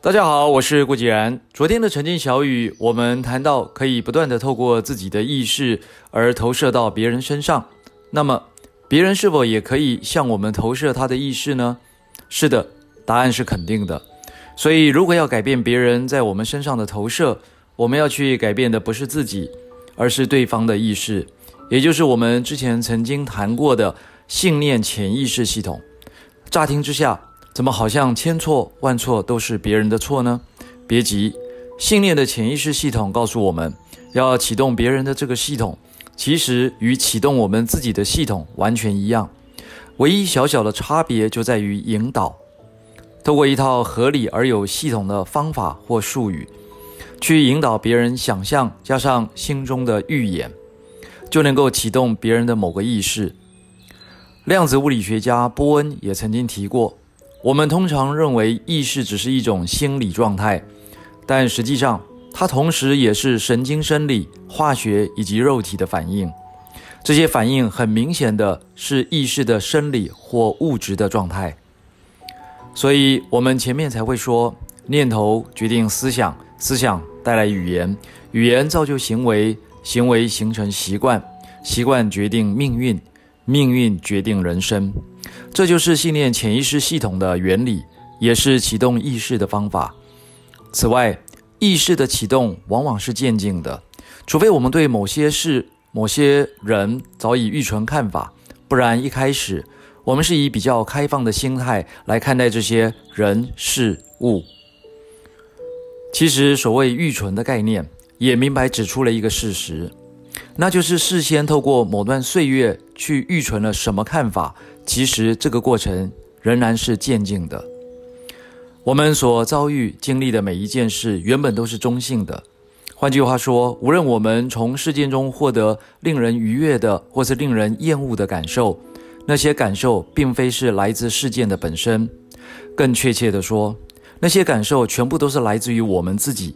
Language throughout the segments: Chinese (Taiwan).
大家好，我是顧繼然。昨天的晨間小雨，我們談到可以不斷的透過自己的意識而投射到別人身上。那麼，別人是否也可以向我們投射他的意識呢？是的，答案是肯定的。所以，如果要改變別人在我們身上的投射，我們要去改變的不是自己，而是對方的意識，也就是我們之前曾經談過的信念潛意識系統。乍聽之下，怎麼好像千錯萬錯都是別人的錯呢？別急，信念的潛意識系統告訴我們，要啟動別人的這個系統，其實與啟動我們自己的系統完全一樣，唯一小小的差別就在於引導，透過一套合理而有系統的方法或術語。去引導別人想象，加上心中的預演，就能夠啟動別人的某個意識。量子物理學家波恩也曾經提過，我們通常認為意識只是一種心理狀態，但實際上它同時也是神經生理、化學以及肉體的反應。這些反應很明顯的是意識的生理或物質的狀態。所以，我們前面才會說念頭決定思想，思想。帶來語言，語言造就行為，行為形成習慣，習慣決定命運，命運決定人生。這就是信念潛意識系統的原理，也是啟動意識的方法。此外，意識的啟動往往是漸進的，除非我們對某些事、某些人早已預存看法，不然一開始我們是以比較開放的心態來看待這些人事物。其實，所謂預存的概念，也明白指出了一個事實，那就是事先透過某段歲月去預存了什麼看法。其實，這個過程仍然是漸進的。我們所遭遇、經歷的每一件事，原本都是中性的。換句話說，無論我們從事件中獲得令人愉悅的，或是令人厭惡的感受，那些感受並非是來自事件的本身。更確切地說，那些感受全部都是來自於我們自己，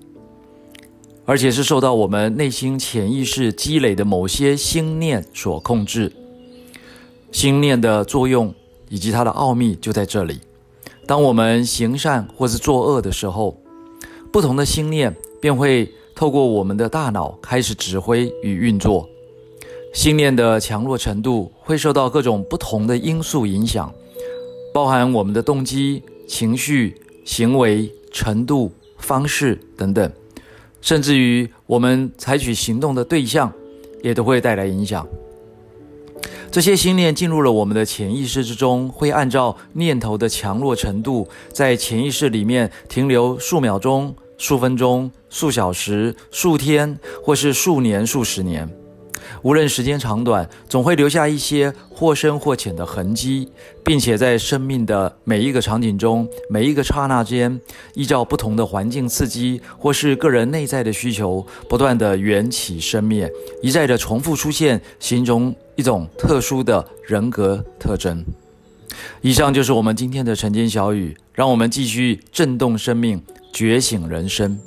而且是受到我們內心潛意識積累的某些心念所控制。心念的作用以及它的奧秘就在這裡。當我們行善或是作惡的時候，不同的心念便會透過我們的大腦開始指揮與運作。心念的強弱程度會受到各種不同的因素影響，包含我們的動機、情緒。行為、程度、方式等等，甚至於我們採取行動的對象，也都會帶來影響。這些心念進入了我們的潛意識之中，會按照念頭的強弱程度，在潛意識裡面停留數秒鐘、數分鐘、數小時、數天，或是數年、數十年。無論時間長短，總會留下一些或深或淺的痕跡，並且在生命的每一個場景中，每一個剎那間，依照不同的環境刺激或是個人內在的需求，不斷的緣起生滅，一再的重複出現，形成一種特殊的人格特徵。以上就是我們今天的晨間小語，讓我們繼續震動生命，覺醒人生。